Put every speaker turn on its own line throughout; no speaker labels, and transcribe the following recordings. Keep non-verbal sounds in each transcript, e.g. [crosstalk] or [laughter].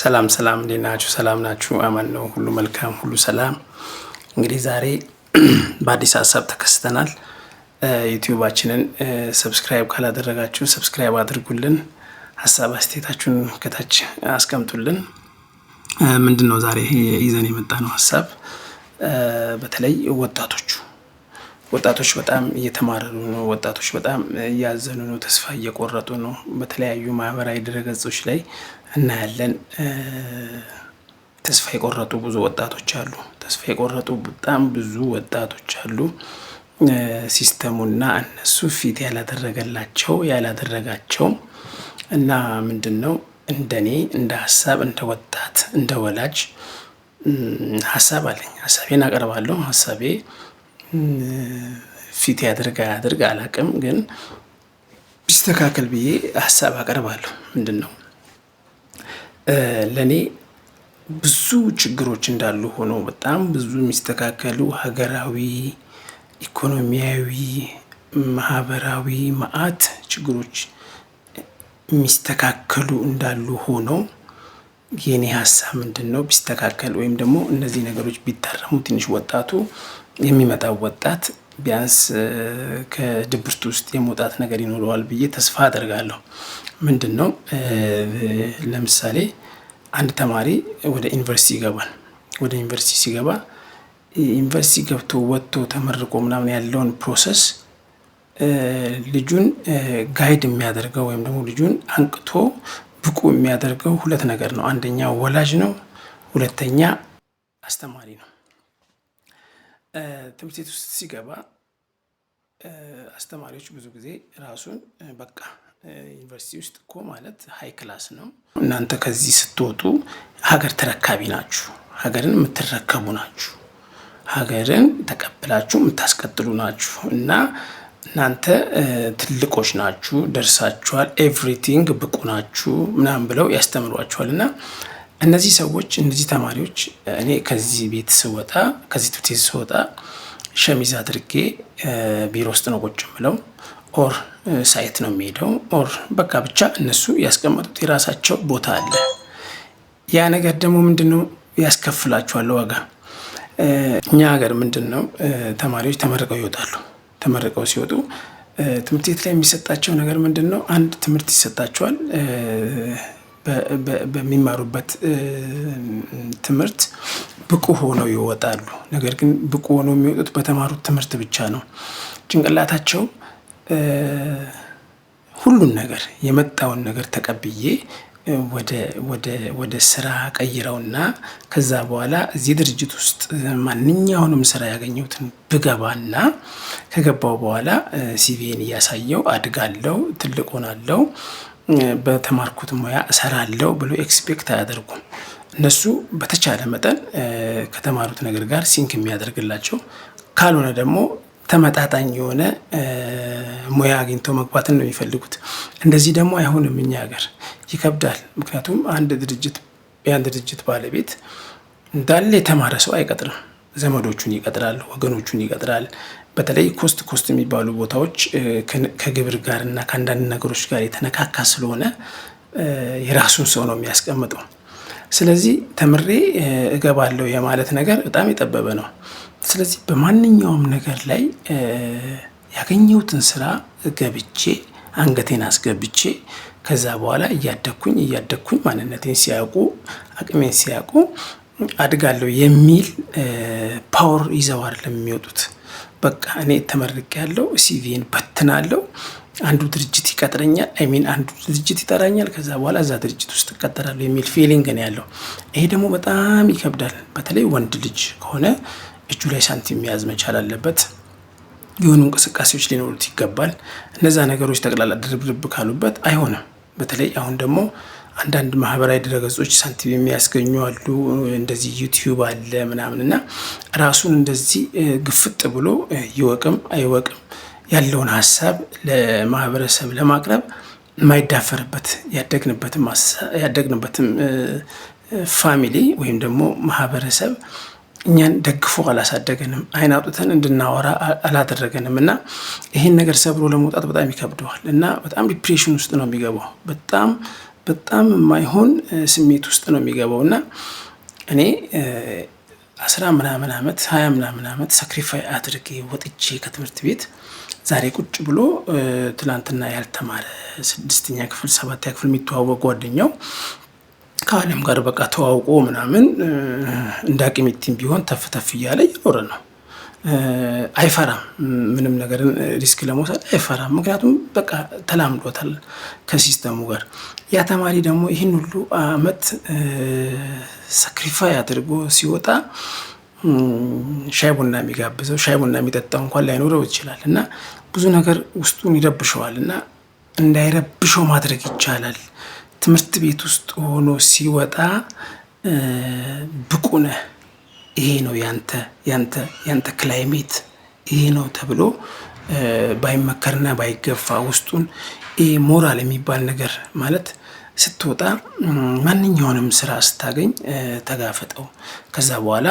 ሰላም ሰላም፣ እንዴት ናችሁ? ሰላም ናችሁ? አማን ነው፣ ሁሉ መልካም፣ ሁሉ ሰላም። እንግዲህ ዛሬ [clears throat] በአዲስ ሀሳብ ተከስተናል። ዩቲዩባችንን ሰብስክራይብ ካላደረጋችሁ ሰብስክራይብ አድርጉልን። ሀሳብ አስተያየታችሁን ከታች አስቀምጡልን።
ምንድን ነው ዛሬ ይዘን የመጣ ነው ሀሳብ በተለይ ወጣቶቹ ወጣቶች በጣም እየተማረሩ ነው። ወጣቶች በጣም እያዘኑ ነው፣ ተስፋ እየቆረጡ ነው። በተለያዩ ማህበራዊ ድረገጾች ላይ እናያለን። ተስፋ የቆረጡ ብዙ ወጣቶች አሉ። ተስፋ የቆረጡ በጣም ብዙ ወጣቶች አሉ። ሲስተሙና እነሱ ፊት ያላደረገላቸው ያላደረጋቸው እና ምንድን ነው እንደኔ እንደ ሀሳብ እንደ ወጣት እንደ ወላጅ ሀሳብ አለኝ። ሀሳቤን አቀርባለሁ። ሀሳቤ ፊት ያድርግ አያድርግ አላቅም፣ ግን ቢስተካከል ብዬ ሀሳብ አቀርባለሁ። ምንድን ነው ለእኔ ብዙ ችግሮች እንዳሉ ሆኖ በጣም ብዙ የሚስተካከሉ ሀገራዊ፣ ኢኮኖሚያዊ፣ ማህበራዊ መዓት ችግሮች የሚስተካከሉ እንዳሉ ሆኖ የኔ ሀሳብ ምንድን ነው ቢስተካከል ወይም ደግሞ እነዚህ ነገሮች ቢታረሙ ትንሽ ወጣቱ የሚመጣው ወጣት ቢያንስ ከድብርት ውስጥ የመውጣት ነገር ይኖረዋል ብዬ ተስፋ አደርጋለሁ። ምንድን ነው ለምሳሌ አንድ ተማሪ ወደ ዩኒቨርሲቲ ይገባል። ወደ ዩኒቨርሲቲ ሲገባ ዩኒቨርሲቲ ገብቶ ወጥቶ ተመርቆ ምናምን ያለውን ፕሮሰስ ልጁን ጋይድ የሚያደርገው ወይም ደግሞ ልጁን አንቅቶ ብቁ የሚያደርገው ሁለት ነገር ነው። አንደኛ ወላጅ ነው፣ ሁለተኛ አስተማሪ ነው። ትምህርት ቤት ውስጥ ሲገባ አስተማሪዎች ብዙ ጊዜ ራሱን በቃ ዩኒቨርሲቲ ውስጥ እኮ ማለት ሀይ ክላስ ነው፣ እናንተ ከዚህ ስትወጡ ሀገር ተረካቢ ናችሁ፣ ሀገርን የምትረከቡ ናችሁ፣ ሀገርን ተቀብላችሁ የምታስቀጥሉ ናችሁ እና እናንተ ትልቆች ናችሁ፣ ደርሳችኋል፣ ኤቭሪቲንግ ብቁ ናችሁ ምናምን ብለው ያስተምሯችኋል እና እነዚህ ሰዎች እነዚህ ተማሪዎች እኔ ከዚህ ቤት ስወጣ ከዚህ ትምህርት ቤት ስወጣ ሸሚዝ አድርጌ ቢሮ ውስጥ ነው ቁጭ ብለው ኦር ሳይት ነው የሚሄደው ኦር በቃ ብቻ እነሱ ያስቀመጡት የራሳቸው ቦታ አለ። ያ ነገር ደግሞ ምንድን ነው ያስከፍላችኋል ዋጋ። እኛ ሀገር ምንድን ነው ተማሪዎች ተመርቀው ይወጣሉ። ተመርቀው ሲወጡ ትምህርት ቤት ላይ የሚሰጣቸው ነገር ምንድን ነው? አንድ ትምህርት ይሰጣቸዋል። በሚማሩበት ትምህርት ብቁ ሆነው ይወጣሉ። ነገር ግን ብቁ ሆነው የሚወጡት በተማሩት ትምህርት ብቻ ነው። ጭንቅላታቸው ሁሉን ነገር የመጣውን ነገር ተቀብዬ ወደ ስራ ቀይረውና ከዛ በኋላ እዚህ ድርጅት ውስጥ ማንኛውንም ስራ ያገኘሁትን ብገባና ከገባው በኋላ ሲቪን እያሳየው አድጋለው፣ ትልቅ ሆናለው በተማርኩት ሙያ እሰራለው ብሎ ኤክስፔክት አያደርጉም። እነሱ በተቻለ መጠን ከተማሩት ነገር ጋር ሲንክ የሚያደርግላቸው ካልሆነ ደግሞ ተመጣጣኝ የሆነ ሙያ አግኝተው መግባትን ነው የሚፈልጉት። እንደዚህ ደግሞ አይሆንም። እኛ ሀገር ይከብዳል። ምክንያቱም አንድ ድርጅት የአንድ ድርጅት ባለቤት እንዳለ የተማረ ሰው አይቀጥርም። ዘመዶቹን ይቀጥራል፣ ወገኖቹን ይቀጥራል፣ በተለይ ኮስት ኮስት የሚባሉ ቦታዎች ከግብር ጋር እና ከአንዳንድ ነገሮች ጋር የተነካካ ስለሆነ የራሱን ሰው ነው የሚያስቀምጠው። ስለዚህ ተምሬ እገባለሁ የማለት ነገር በጣም የጠበበ ነው። ስለዚህ በማንኛውም ነገር ላይ ያገኘሁትን ስራ ገብቼ አንገቴን አስገብቼ ከዛ በኋላ እያደግኩኝ እያደግኩኝ ማንነቴን ሲያውቁ አቅሜን ሲያውቁ አድጋለሁ የሚል ፓወር ይዘው አይደለም የሚወጡት። በቃ እኔ ተመርቅ ያለው ሲቪን በትናለው። አንዱ ድርጅት ይቀጥረኛል፣ አይሚን አንዱ ድርጅት ይጠራኛል፣ ከዛ በኋላ እዛ ድርጅት ውስጥ እቀጠራለሁ የሚል ፊሊንግ ነው ያለው። ይሄ ደግሞ በጣም ይከብዳል። በተለይ ወንድ ልጅ ከሆነ እጁ ላይ ሳንቲም መያዝ መቻል አለበት። የሆኑ እንቅስቃሴዎች ሊኖሩት ይገባል። እነዛ ነገሮች ጠቅላላ ድርብርብ ካሉበት አይሆንም። በተለይ አሁን ደግሞ አንዳንድ ማህበራዊ ድረገጾች ሳንቲም የሚያስገኙ አሉ። እንደዚህ ዩቲዩብ አለ ምናምን እና ራሱን እንደዚህ ግፍጥ ብሎ ይወቅም አይወቅም ያለውን ሀሳብ ለማህበረሰብ ለማቅረብ የማይዳፈርበት ያደግንበትም ፋሚሊ ወይም ደግሞ ማህበረሰብ እኛን ደግፎ አላሳደገንም፣ አይን አውጥተን እንድናወራ አላደረገንም እና ይህን ነገር ሰብሮ ለመውጣት በጣም ይከብደዋል እና በጣም ዲፕሬሽን ውስጥ ነው የሚገባው በጣም በጣም የማይሆን ስሜት ውስጥ ነው የሚገባው እና እኔ አስራ ምናምን ዓመት ሀያ ምናምን ዓመት ሳክሪፋይ አድርጌ ወጥቼ ከትምህርት ቤት ዛሬ ቁጭ ብሎ ትላንትና ያልተማረ ስድስተኛ ክፍል ሰባተኛ ክፍል የሚተዋወቅ ጓደኛው ከዓለም ጋር በቃ ተዋውቆ ምናምን እንደ አቅሚቲም ቢሆን ተፍተፍ እያለ እየኖረ ነው። አይፈራም ምንም ነገርን ሪስክ ለመውሰድ አይፈራም። ምክንያቱም በቃ ተላምዶታል ከሲስተሙ ጋር። ያ ተማሪ ደግሞ ይህን ሁሉ አመት ሳክሪፋይ አድርጎ ሲወጣ ሻይ ቡና የሚጋብዘው ሻይ ቡና የሚጠጣው እንኳን ላይኖረው ይችላል እና ብዙ ነገር ውስጡን ይረብሸዋል እና እንዳይረብሸው ማድረግ ይቻላል። ትምህርት ቤት ውስጥ ሆኖ ሲወጣ ብቁ ነህ ይሄ ነው ያንተ ያንተ ያንተ ክላይሜት ይሄ ነው ተብሎ ባይመከርና ባይገፋ ውስጡን ይሄ ሞራል የሚባል ነገር ማለት ስትወጣ ማንኛውንም ስራ ስታገኝ ተጋፈጠው። ከዛ በኋላ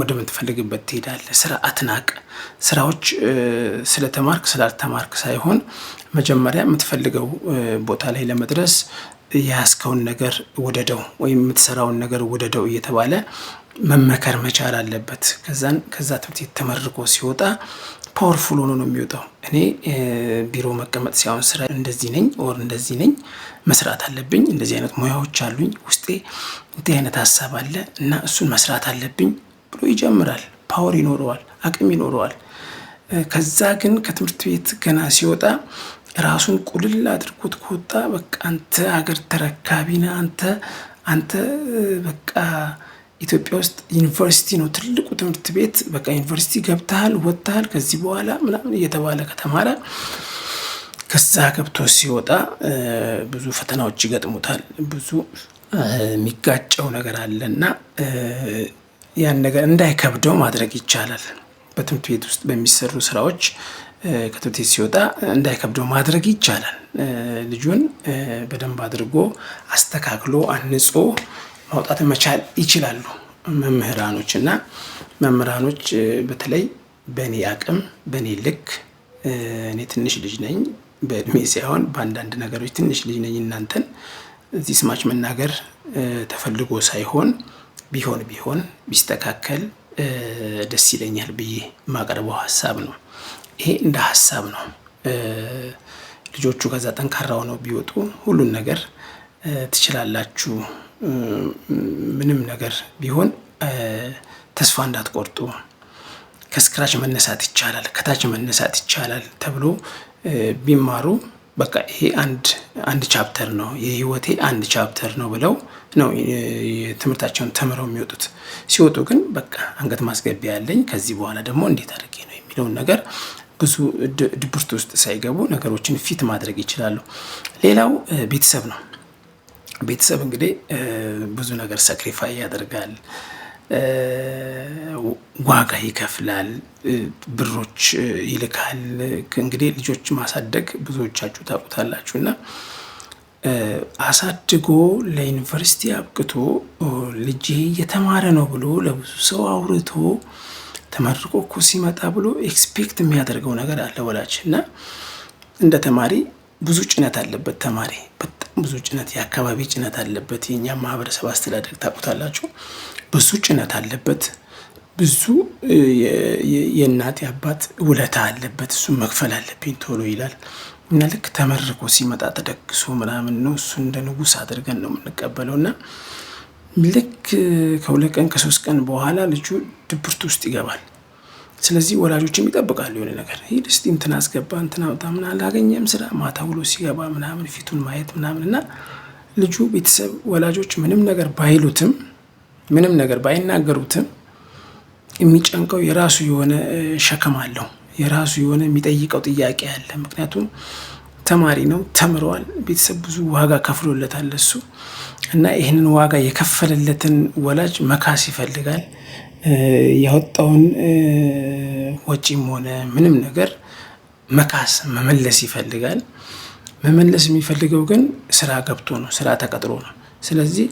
ወደምትፈልግበት ትሄዳለህ። ስራ አትናቅ። ስራዎች ስለተማርክ ስላልተማርክ ሳይሆን መጀመሪያ የምትፈልገው ቦታ ላይ ለመድረስ የያዝከውን ነገር ውደደው ወይም የምትሰራውን ነገር ውደደው እየተባለ መመከር መቻል አለበት። ከዛን ከዛ ትምህርት ቤት ተመርቆ ሲወጣ ፓወርፉል ሆኖ ነው የሚወጣው። እኔ ቢሮ መቀመጥ ሲያውን ስራ እንደዚህ ነኝ ወር እንደዚህ ነኝ መስራት አለብኝ፣ እንደዚህ አይነት ሙያዎች አሉኝ፣ ውስጤ እንዲህ አይነት ሀሳብ አለ እና እሱን መስራት አለብኝ ብሎ ይጀምራል። ፓወር ይኖረዋል፣ አቅም ይኖረዋል። ከዛ ግን ከትምህርት ቤት ገና ሲወጣ ራሱን ቁልል አድርጎት ከወጣ በቃ አንተ ሀገር ተረካቢና አንተ አንተ በቃ ኢትዮጵያ ውስጥ ዩኒቨርሲቲ ነው ትልቁ ትምህርት ቤት። በቃ ዩኒቨርሲቲ ገብተሃል፣ ወጥተሃል ከዚህ በኋላ ምናምን እየተባለ ከተማረ ከዛ ገብቶ ሲወጣ ብዙ ፈተናዎች ይገጥሙታል። ብዙ የሚጋጨው ነገር አለና ያን ነገር እንዳይከብደው ማድረግ ይቻላል። በትምህርት ቤት ውስጥ በሚሰሩ ስራዎች ከትምህርት ቤት ሲወጣ እንዳይከብደው ማድረግ ይቻላል። ልጁን በደንብ አድርጎ አስተካክሎ አንጾ ማውጣት መቻል ይችላሉ መምህራኖች እና መምህራኖች በተለይ በእኔ አቅም በእኔ ልክ እኔ ትንሽ ልጅ ነኝ በእድሜ ሳይሆን በአንዳንድ ነገሮች ትንሽ ልጅ ነኝ። እናንተን እዚህ ስማች መናገር ተፈልጎ ሳይሆን ቢሆን ቢሆን ቢስተካከል ደስ ይለኛል ብዬ ማቀርበው ሀሳብ ነው። ይሄ እንደ ሀሳብ ነው። ልጆቹ ከዛ ጠንካራ ሆነው ቢወጡ ሁሉን ነገር ትችላላችሁ፣ ምንም ነገር ቢሆን ተስፋ እንዳትቆርጡ፣ ከስክራች መነሳት ይቻላል፣ ከታች መነሳት ይቻላል ተብሎ ቢማሩ በቃ ይሄ አንድ አንድ ቻፕተር ነው የህይወቴ አንድ ቻፕተር ነው ብለው ነው ትምህርታቸውን ተምረው የሚወጡት። ሲወጡ ግን በቃ አንገት ማስገቢያ ያለኝ ከዚህ በኋላ ደግሞ እንዴት አድርጌ ነው የሚለውን ነገር ብዙ ድብርት ውስጥ ሳይገቡ ነገሮችን ፊት ማድረግ ይችላሉ። ሌላው ቤተሰብ ነው። ቤተሰብ እንግዲህ ብዙ ነገር ሰክሪፋይ ያደርጋል፣ ዋጋ ይከፍላል፣ ብሮች ይልካል። እንግዲህ ልጆች ማሳደግ ብዙዎቻችሁ ታውቁታላችሁ እና አሳድጎ ለዩኒቨርሲቲ አብቅቶ ልጄ የተማረ ነው ብሎ ለብዙ ሰው አውርቶ ተመርቆ እኮ ሲመጣ ብሎ ኤክስፔክት የሚያደርገው ነገር አለ ወላጅ እና እንደ ተማሪ ብዙ ጭነት አለበት ተማሪ በጣም ብዙ ጭነት፣ የአካባቢ ጭነት አለበት። የእኛ ማህበረሰብ አስተዳደግ ታውቁታላችሁ፣ ብዙ ጭነት አለበት። ብዙ የእናት የአባት ውለታ አለበት። እሱን መክፈል አለብኝ ቶሎ ይላል እና ልክ ተመርቆ ሲመጣ ተደግሶ ምናምን ነው እሱ እንደ ንጉስ አድርገን ነው የምንቀበለው እና ልክ ከሁለት ቀን ከሶስት ቀን በኋላ ልጁ ድብርት ውስጥ ይገባል። ስለዚህ ወላጆችም ይጠብቃሉ የሆነ ነገር ሂድ እስቲ እንትን አስገባ እንትና አውጣ ምና አላገኘም ስራ ማታ ውሎ ሲገባ ምናምን ፊቱን ማየት ምናምን እና ልጁ ቤተሰብ ወላጆች ምንም ነገር ባይሉትም ምንም ነገር ባይናገሩትም የሚጨንቀው የራሱ የሆነ ሸክም አለው። የራሱ የሆነ የሚጠይቀው ጥያቄ አለ። ምክንያቱም ተማሪ ነው፣ ተምረዋል። ቤተሰብ ብዙ ዋጋ ከፍሎለታል እሱ እና ይህንን ዋጋ የከፈለለትን ወላጅ መካስ ይፈልጋል። ያወጣውን ወጪም ሆነ ምንም ነገር መካስ መመለስ ይፈልጋል። መመለስ የሚፈልገው ግን ስራ ገብቶ ነው፣ ስራ ተቀጥሮ ነው። ስለዚህ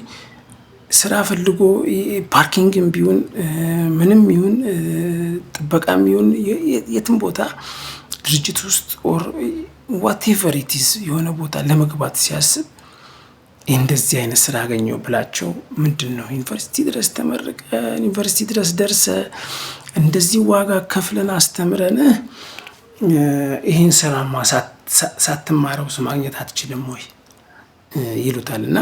ስራ ፈልጎ ፓርኪንግም ቢሆን ምንም ይሁን ጥበቃም ይሁን የትም ቦታ ድርጅት ውስጥ ዋቴቨር ኢቲዝ የሆነ ቦታ ለመግባት ሲያስብ እንደዚህ አይነት ስራ አገኘው ብላቸው ምንድን ነው ዩኒቨርሲቲ ድረስ ተመርቀን ዩኒቨርሲቲ ድረስ ደርሰ እንደዚህ ዋጋ ከፍለን አስተምረን ይህን ስራማ ሳትማረው ማግኘት አትችልም ወይ ይሉታል። እና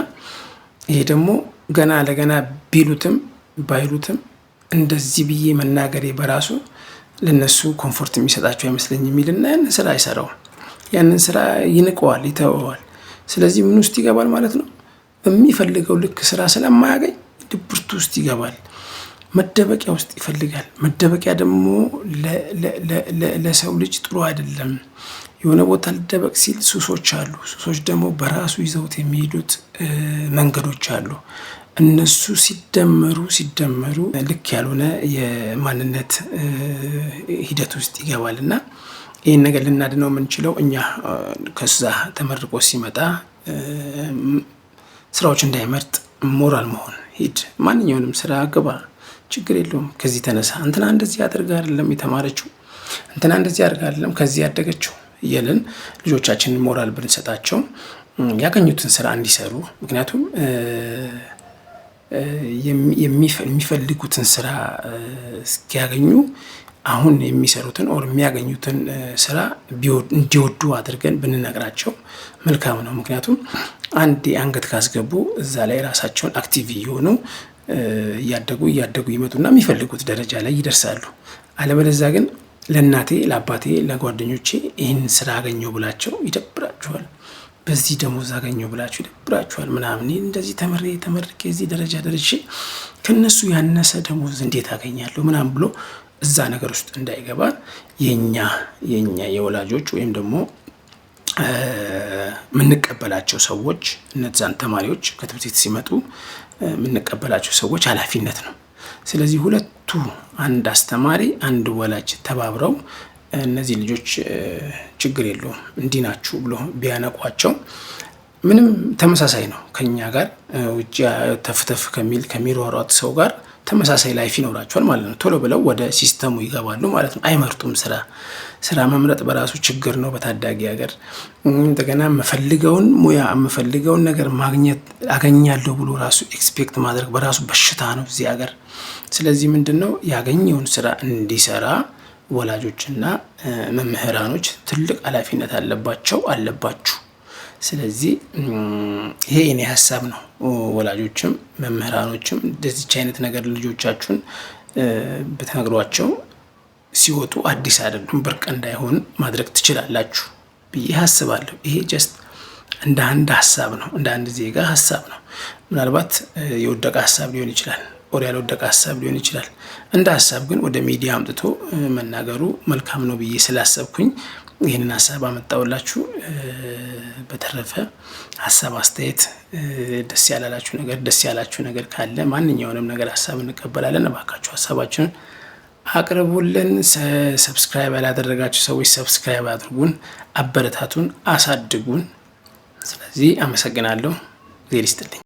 ይሄ ደግሞ ገና ለገና ቢሉትም ባይሉትም እንደዚህ ብዬ መናገሬ በራሱ ለነሱ ኮምፎርት የሚሰጣቸው አይመስለኝ የሚልና ያን ስራ አይሰራውም። ያንን ስራ ይንቀዋል፣ ይተወዋል። ስለዚህ ምን ውስጥ ይገባል ማለት ነው? በሚፈልገው ልክ ስራ ስለማያገኝ ድብርቱ ውስጥ ይገባል። መደበቂያ ውስጥ ይፈልጋል። መደበቂያ ደግሞ ለሰው ልጅ ጥሩ አይደለም። የሆነ ቦታ ልደበቅ ሲል ሱሶች አሉ። ሱሶች ደግሞ በራሱ ይዘውት የሚሄዱት መንገዶች አሉ። እነሱ ሲደመሩ ሲደመሩ ልክ ያልሆነ የማንነት ሂደት ውስጥ ይገባል እና ይህን ነገር ልናድነው የምንችለው እኛ ከዛ ተመርቆ ሲመጣ ስራዎች እንዳይመርጥ ሞራል መሆን፣ ሂድ ማንኛውንም ስራ ግባ፣ ችግር የለውም፣ ከዚህ ተነሳ፣ እንትና እንደዚህ አድርጋ አይደለም የተማረችው፣ እንትና እንደዚህ አድርጋ አይደለም ከዚህ ያደገችው እያልን ልጆቻችንን ሞራል ብንሰጣቸው ያገኙትን ስራ እንዲሰሩ ምክንያቱም የሚፈልጉትን ስራ እስኪያገኙ አሁን የሚሰሩትን ኦር የሚያገኙትን ስራ እንዲወዱ አድርገን ብንነግራቸው መልካም ነው። ምክንያቱም አንድ አንገት ካስገቡ እዛ ላይ ራሳቸውን አክቲቭ እየሆኑ እያደጉ እያደጉ ይመጡና የሚፈልጉት ደረጃ ላይ ይደርሳሉ። አለበለዚያ ግን ለእናቴ ለአባቴ፣ ለጓደኞቼ ይህን ስራ አገኘው ብላቸው ይደብራችኋል። በዚህ ደሞዝ አገኘው ብላችሁ ይደብራችኋል። ምናምን እንደዚህ ተምሬ ተመርቄ እዚህ ደረጃ ደርሼ ከነሱ ያነሰ ደሞዝ እንዴት አገኛለሁ ምናምን ብሎ እዛ ነገር ውስጥ እንዳይገባ የኛ የኛ የወላጆች ወይም ደግሞ የምንቀበላቸው ሰዎች እነዛን ተማሪዎች ከትምህርት ቤት ሲመጡ የምንቀበላቸው ሰዎች ኃላፊነት ነው። ስለዚህ ሁለቱ አንድ አስተማሪ፣ አንድ ወላጅ ተባብረው እነዚህ ልጆች ችግር የለውም እንዲህ ናችሁ ብሎ ቢያነቋቸው ምንም ተመሳሳይ ነው ከኛ ጋር ውጭ ተፍተፍ ከሚል ከሚሯሯጥ ሰው ጋር ተመሳሳይ ላይፍ ይኖራቸዋል ማለት ነው። ቶሎ ብለው ወደ ሲስተሙ ይገባሉ ማለት ነው። አይመርጡም ስራ። ስራ መምረጥ በራሱ ችግር ነው በታዳጊ ሀገር። እንደገና የምፈልገውን ሙያ የምፈልገውን ነገር ማግኘት አገኛለሁ ብሎ ራሱ ኤክስፔክት ማድረግ በራሱ በሽታ ነው እዚህ ሀገር። ስለዚህ ምንድን ነው ያገኘውን ስራ እንዲሰራ ወላጆችና መምህራኖች ትልቅ ኃላፊነት አለባቸው አለባችሁ። ስለዚህ ይሄ የኔ ሀሳብ ነው። ወላጆችም መምህራኖችም እንደዚች አይነት ነገር ልጆቻችሁን ብትነግሯቸው ሲወጡ አዲስ አይደሉም ብርቅ እንዳይሆን ማድረግ ትችላላችሁ ብዬ አስባለሁ። ይሄ ጀስት እንደ አንድ ሀሳብ ነው፣ እንደ አንድ ዜጋ ሀሳብ ነው። ምናልባት የወደቀ ሀሳብ ሊሆን ይችላል፣ ኦር ያልወደቀ ሀሳብ ሊሆን ይችላል። እንደ ሀሳብ ግን ወደ ሚዲያ አምጥቶ መናገሩ መልካም ነው ብዬ ስላሰብኩኝ ይህንን ሀሳብ አመጣውላችሁ። በተረፈ ሀሳብ አስተያየት፣ ደስ ያላላችሁ ነገር ደስ ያላችሁ ነገር ካለ ማንኛውንም ነገር ሀሳብ እንቀበላለን። እባካችሁ ሀሳባችንን አቅርቡልን። ሰብስክራይብ ያላደረጋችሁ ሰዎች ሰብስክራይብ አድርጉን፣ አበረታቱን፣ አሳድጉን። ስለዚህ አመሰግናለሁ። እግዜር ይስጥልኝ።